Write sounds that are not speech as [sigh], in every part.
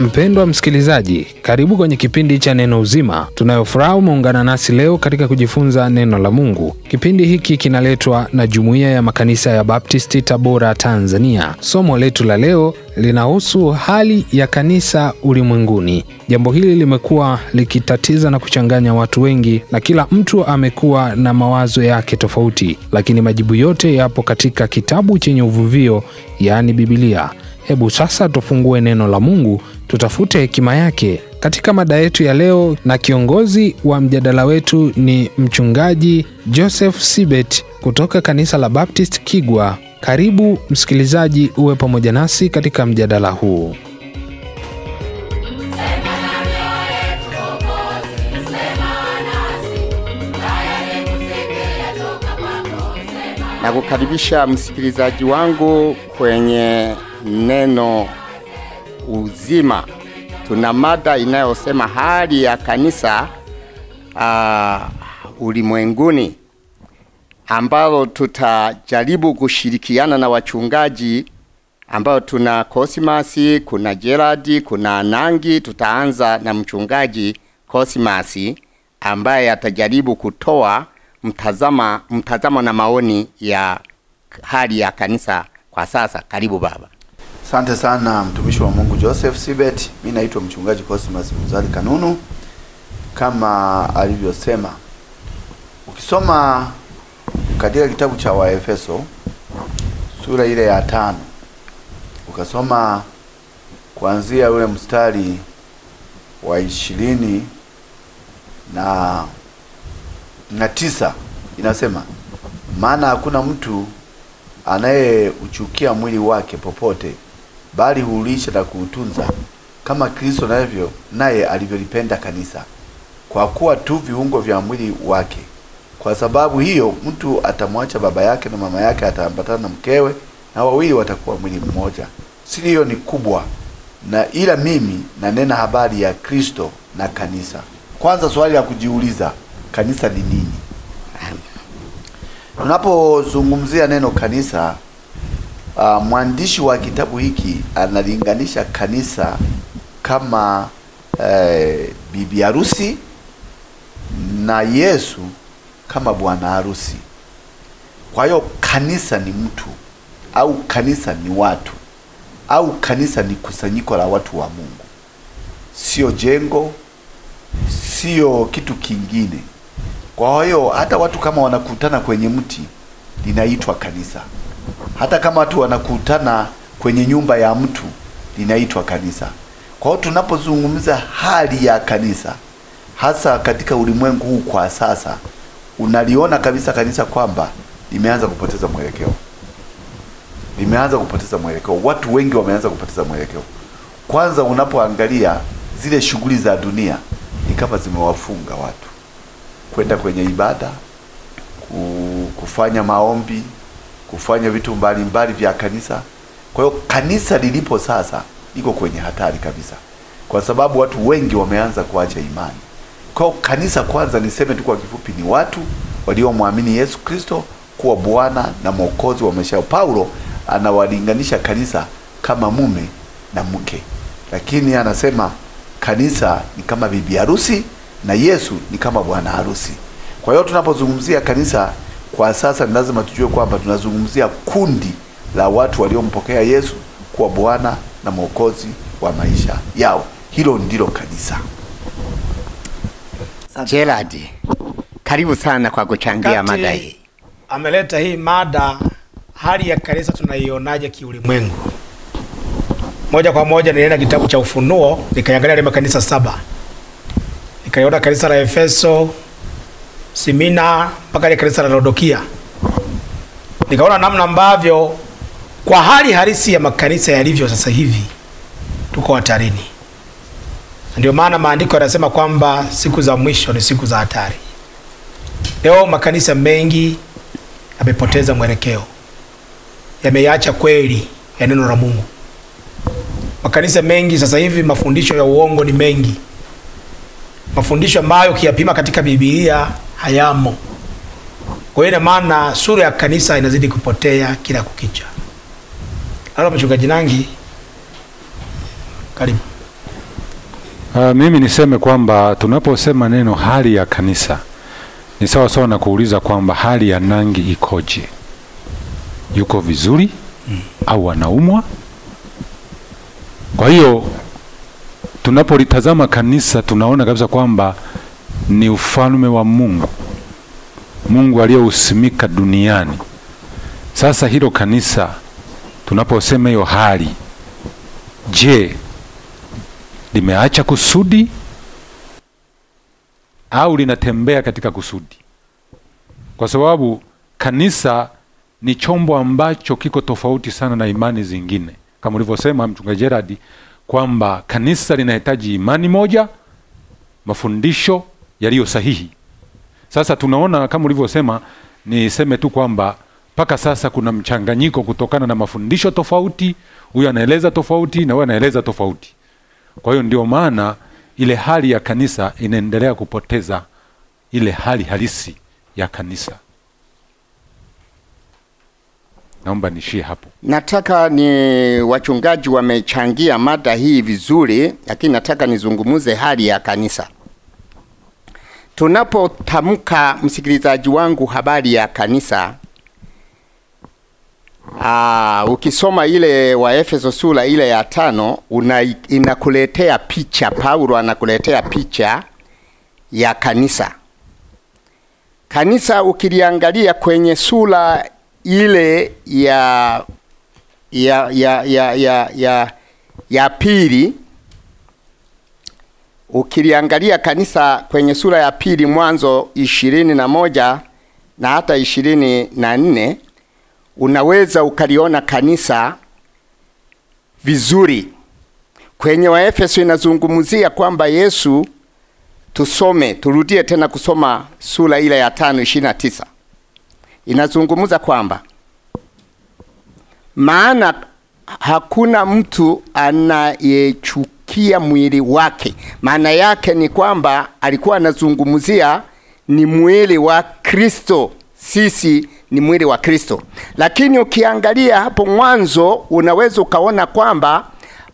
Mpendwa msikilizaji, karibu kwenye kipindi cha Neno Uzima. Tunayofuraha umeungana nasi leo katika kujifunza neno la Mungu. Kipindi hiki kinaletwa na Jumuiya ya Makanisa ya Baptisti Tabora, Tanzania. Somo letu la leo linahusu hali ya kanisa ulimwenguni. Jambo hili limekuwa likitatiza na kuchanganya watu wengi, na kila mtu amekuwa na mawazo yake tofauti, lakini majibu yote yapo katika kitabu chenye uvuvio, yaani bibilia Hebu sasa tufungue neno la Mungu tutafute hekima yake. Katika mada yetu ya leo na kiongozi wa mjadala wetu ni mchungaji Joseph Sibet kutoka kanisa la Baptist Kigwa. Karibu msikilizaji, uwe pamoja nasi katika mjadala huu. Nakukaribisha msikilizaji wangu kwenye neno uzima. Tuna mada inayosema hali ya kanisa uh, ulimwenguni ambalo tutajaribu kushirikiana na wachungaji ambao tuna Kosimasi, kuna Gerard, kuna nangi Tutaanza na mchungaji Kosimasi ambaye atajaribu kutoa mtazama mtazamo na maoni ya hali ya kanisa kwa sasa. Karibu baba. Asante sana mtumishi wa Mungu Joseph Sibet. Mi naitwa mchungaji Cosmas Mzali Kanunu. Kama alivyosema, ukisoma katika kitabu cha Waefeso sura ile ya tano ukasoma kuanzia ule mstari wa ishirini na, na tisa inasema, maana hakuna mtu anayeuchukia mwili wake popote bali huulisha na kuutunza kama Kristo navyo naye alivyolipenda kanisa, kwa kuwa tu viungo vya mwili wake. Kwa sababu hiyo mtu atamwacha baba yake na mama yake, ataambatana na mkewe, na wawili watakuwa mwili mmoja. Siri hiyo ni kubwa, na ila mimi nanena habari ya Kristo na kanisa. Kwanza swali la kujiuliza, kanisa ni nini? [laughs] Tunapozungumzia neno kanisa uh, mwandishi wa kitabu hiki analinganisha kanisa kama eh, bibi harusi na Yesu kama bwana harusi. Kwa hiyo kanisa ni mtu au kanisa ni watu au kanisa ni kusanyiko la watu wa Mungu, sio jengo, sio kitu kingine. Kwa hiyo hata watu kama wanakutana kwenye mti linaitwa kanisa. Hata kama watu wanakutana kwenye nyumba ya mtu linaitwa kanisa. Kwa hiyo tunapozungumza hali ya kanisa, hasa katika ulimwengu huu kwa sasa, unaliona kabisa kanisa kwamba limeanza kupoteza mwelekeo, limeanza kupoteza mwelekeo. Watu wengi wameanza kupoteza mwelekeo. Kwanza unapoangalia zile shughuli za dunia ni kama zimewafunga watu kwenda kwenye ibada, kufanya maombi kufanya vitu mbalimbali mbali vya kanisa. Kwa hiyo kanisa lilipo sasa liko kwenye hatari kabisa, kwa sababu watu wengi wameanza kuacha imani. Kwa hiyo kanisa, kwanza niseme tu kwa kifupi, ni watu waliomwamini Yesu Kristo kuwa Bwana na Mwokozi wa maisha yao. Paulo anawalinganisha kanisa kama mume na mke, lakini anasema kanisa ni kama bibi harusi na Yesu ni kama bwana harusi. Kwa hiyo tunapozungumzia kanisa kwa sasa ni lazima tujue kwamba tunazungumzia kundi la watu waliompokea Yesu kuwa Bwana na Mwokozi wa maisha yao. Hilo ndilo kanisa. Gerard, karibu sana kwa kuchangia mada hii. Ameleta hii mada, hali ya kanisa tunaionaje kiulimwengu? Moja kwa moja nilienda kitabu cha Ufunuo nikaangalia ile makanisa saba, nikaiona kanisa la Efeso, Simina mpaka ile kanisa la Laodikia, nikaona namna ambavyo kwa hali halisi ya makanisa yalivyo sasa hivi tuko hatarini. Ndio maana maandiko yanasema kwamba siku za mwisho ni siku za hatari. Leo makanisa mengi yamepoteza mwelekeo, yameacha kweli ya neno la Mungu. Makanisa mengi sasa hivi mafundisho ya uongo ni mengi, mafundisho ambayo ukiyapima katika Biblia hayamo. Kwa hiyo ina maana sura ya kanisa inazidi kupotea kila kukicha. Halo mchungaji Nangi, karibu. Uh, mimi niseme kwamba tunaposema neno hali ya kanisa ni sawa sawa na kuuliza kwamba hali ya Nangi ikoje? Yuko vizuri mm, au anaumwa? Kwa hiyo tunapolitazama kanisa tunaona kabisa kwamba ni ufalme wa Mungu, Mungu aliyousimika duniani. Sasa hilo kanisa, tunaposema hiyo hali, je, limeacha kusudi au linatembea katika kusudi? Kwa sababu kanisa ni chombo ambacho kiko tofauti sana na imani zingine, kama ulivyosema Mchungaji Gerard kwamba kanisa linahitaji imani moja, mafundisho yaliyo sahihi. Sasa tunaona kama ulivyosema, niseme tu kwamba mpaka sasa kuna mchanganyiko kutokana na mafundisho tofauti, huyu anaeleza tofauti na huyo anaeleza tofauti. Kwa hiyo ndio maana ile hali ya kanisa inaendelea kupoteza ile hali halisi ya kanisa. Naomba nishie hapo. Nataka ni wachungaji wamechangia mada hii vizuri, lakini nataka nizungumuze hali ya kanisa tunapotamka msikilizaji wangu, habari ya kanisa aa, ah, ukisoma ile wa Efeso sura ile ya tano una, inakuletea picha, Paulo anakuletea picha ya kanisa. Kanisa ukiliangalia kwenye sura ile ya ya ya ya ya, ya, ya pili Ukiliangalia kanisa kwenye sura ya pili Mwanzo ishirini na moja na hata ishirini na nne unaweza ukaliona kanisa vizuri. Kwenye Waefeso inazungumzia kwamba Yesu, tusome turudie tena kusoma sura ile ya tano ishirini na tisa inazungumza kwamba maana hakuna mtu anayechukia mwili wake. Maana yake ni kwamba alikuwa anazungumzia ni mwili wa Kristo, sisi ni mwili wa Kristo. Lakini ukiangalia hapo mwanzo, unaweza ukaona kwamba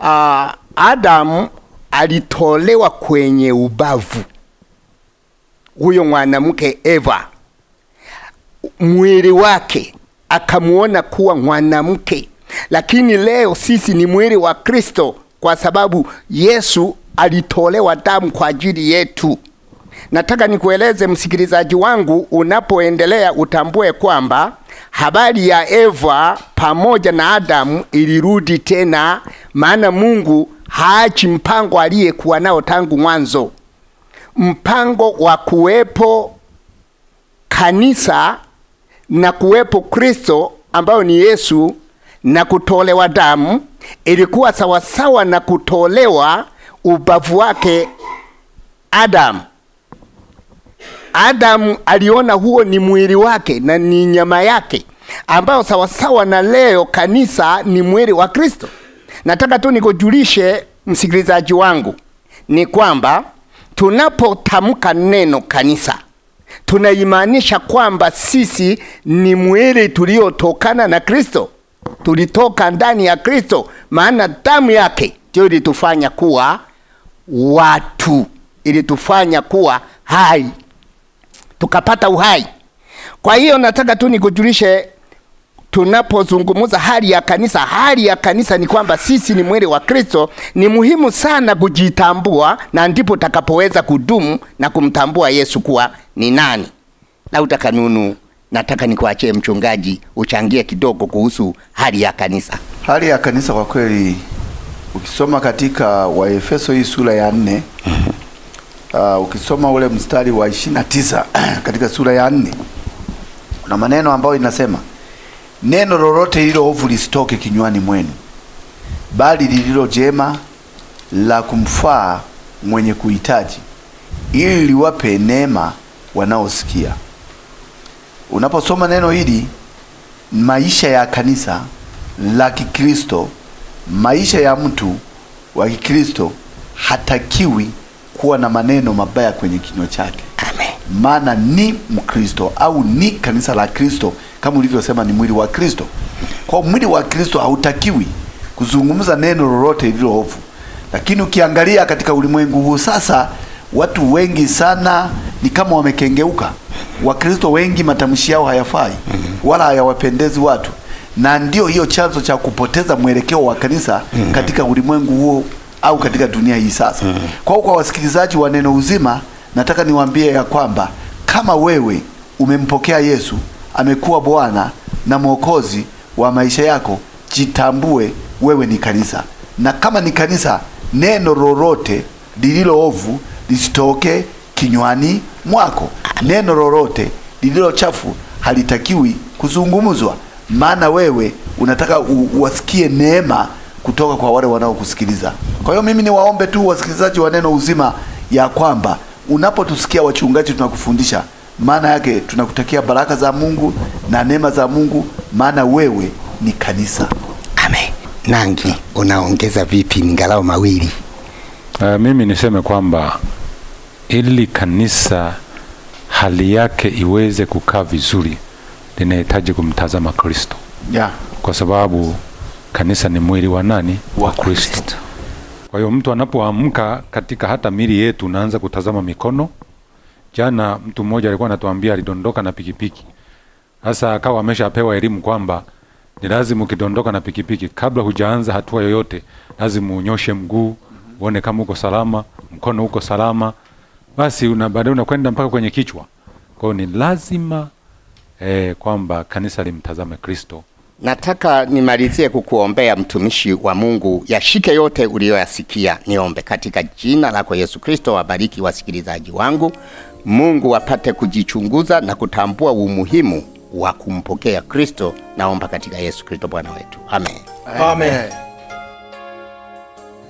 uh, ah, Adamu alitolewa kwenye ubavu, huyo mwanamke Eva, mwili wake akamuona kuwa mwanamke lakini leo sisi ni mwili wa Kristo kwa sababu Yesu alitolewa damu kwa ajili yetu. Nataka nikueleze msikilizaji wangu, unapoendelea utambue kwamba habari ya Eva pamoja na Adamu ilirudi tena, maana Mungu haachi mpango aliyekuwa nao tangu mwanzo, mpango wa kuwepo kanisa na kuwepo Kristo ambayo ni Yesu na kutolewa damu ilikuwa sawasawa na kutolewa ubavu wake Adamu. Adamu aliona huo ni mwili wake na ni nyama yake, ambayo sawasawa na leo kanisa ni mwili wa Kristo. Nataka tu nikujulishe msikilizaji wangu ni kwamba tunapotamka neno kanisa tunaimaanisha kwamba sisi ni mwili tuliotokana na Kristo tulitoka ndani ya Kristo, maana damu yake ndio ilitufanya kuwa watu, ilitufanya kuwa hai, tukapata uhai. Kwa hiyo nataka tu nikujulishe, tunapozungumza hali ya kanisa, hali ya kanisa ni kwamba sisi ni mwili wa Kristo. Ni muhimu sana kujitambua, na ndipo utakapoweza kudumu na kumtambua Yesu kuwa ni nani, na utakanunu nataka nikuachie mchungaji, uchangie kidogo kuhusu hali ya kanisa. Hali ya kanisa kwa kweli, ukisoma katika Waefeso hii sura ya nne mhm. uh, ukisoma ule mstari wa ishirini na tisa [clears throat] katika sura ya nne kuna maneno ambayo inasema neno lolote lililo ovu lisitoke kinywani mwenu, bali lililo jema la kumfaa mwenye kuhitaji, ili liwape neema wanaosikia. Unaposoma neno hili, maisha ya kanisa la Kikristo, maisha ya mtu wa Kikristo hatakiwi kuwa na maneno mabaya kwenye kinywa chake, maana ni Mkristo au ni kanisa la Kristo, kama ulivyosema ni mwili wa Kristo. Kwa mwili wa Kristo hautakiwi kuzungumza neno lolote lililo ovu, lakini ukiangalia katika ulimwengu huu sasa, watu wengi sana ni kama wamekengeuka. Wakristo wengi matamshi yao hayafai mm -hmm. wala hayawapendezi watu, na ndio hiyo chanzo cha kupoteza mwelekeo wa kanisa mm -hmm. katika ulimwengu huo au katika dunia hii sasa. mm -hmm. Kwa hiyo kwa wasikilizaji wa Neno Uzima, nataka niwaambie ya kwamba kama wewe umempokea Yesu, amekuwa Bwana na Mwokozi wa maisha yako, jitambue wewe ni kanisa, na kama ni kanisa, neno lolote lililo ovu lisitoke kinywani mwako. Neno lolote lililo chafu halitakiwi kuzungumzwa, maana wewe unataka uwasikie neema kutoka kwa wale wanaokusikiliza. Kwa hiyo mimi niwaombe tu wasikilizaji wa Neno Uzima ya kwamba unapotusikia wachungaji tunakufundisha, maana yake tunakutakia baraka za Mungu na neema za Mungu, maana wewe ni kanisa. Amen. Nangi, unaongeza vipi? Ngalao mawili. Uh, mimi niseme kwamba ili kanisa hali yake iweze kukaa vizuri linahitaji kumtazama Kristo. Yeah. Kwa sababu kanisa ni mwili wa nani? Wa Kristo. Kwa hiyo mtu anapoamka katika hata mili yetu unaanza kutazama mikono. Jana mtu mmoja alikuwa anatuambia alidondoka na pikipiki. Sasa akawa ameshapewa elimu kwamba ni lazima ukidondoka na pikipiki, kabla hujaanza hatua yoyote, lazima unyoshe mguu uone kama uko salama, mkono uko salama, basi una baadaye unakwenda mpaka kwenye kichwa. Kwa hiyo ni lazima eh, kwamba kanisa limtazame Kristo. Nataka nimalizie kukuombea mtumishi wa Mungu, yashike yote uliyoyasikia. Niombe katika jina lako Yesu Kristo. Wabariki wasikilizaji wangu, Mungu wapate kujichunguza na kutambua umuhimu wa kumpokea Kristo. Naomba katika Yesu Kristo Bwana wetu, amen, amen. amen.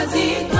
Azita.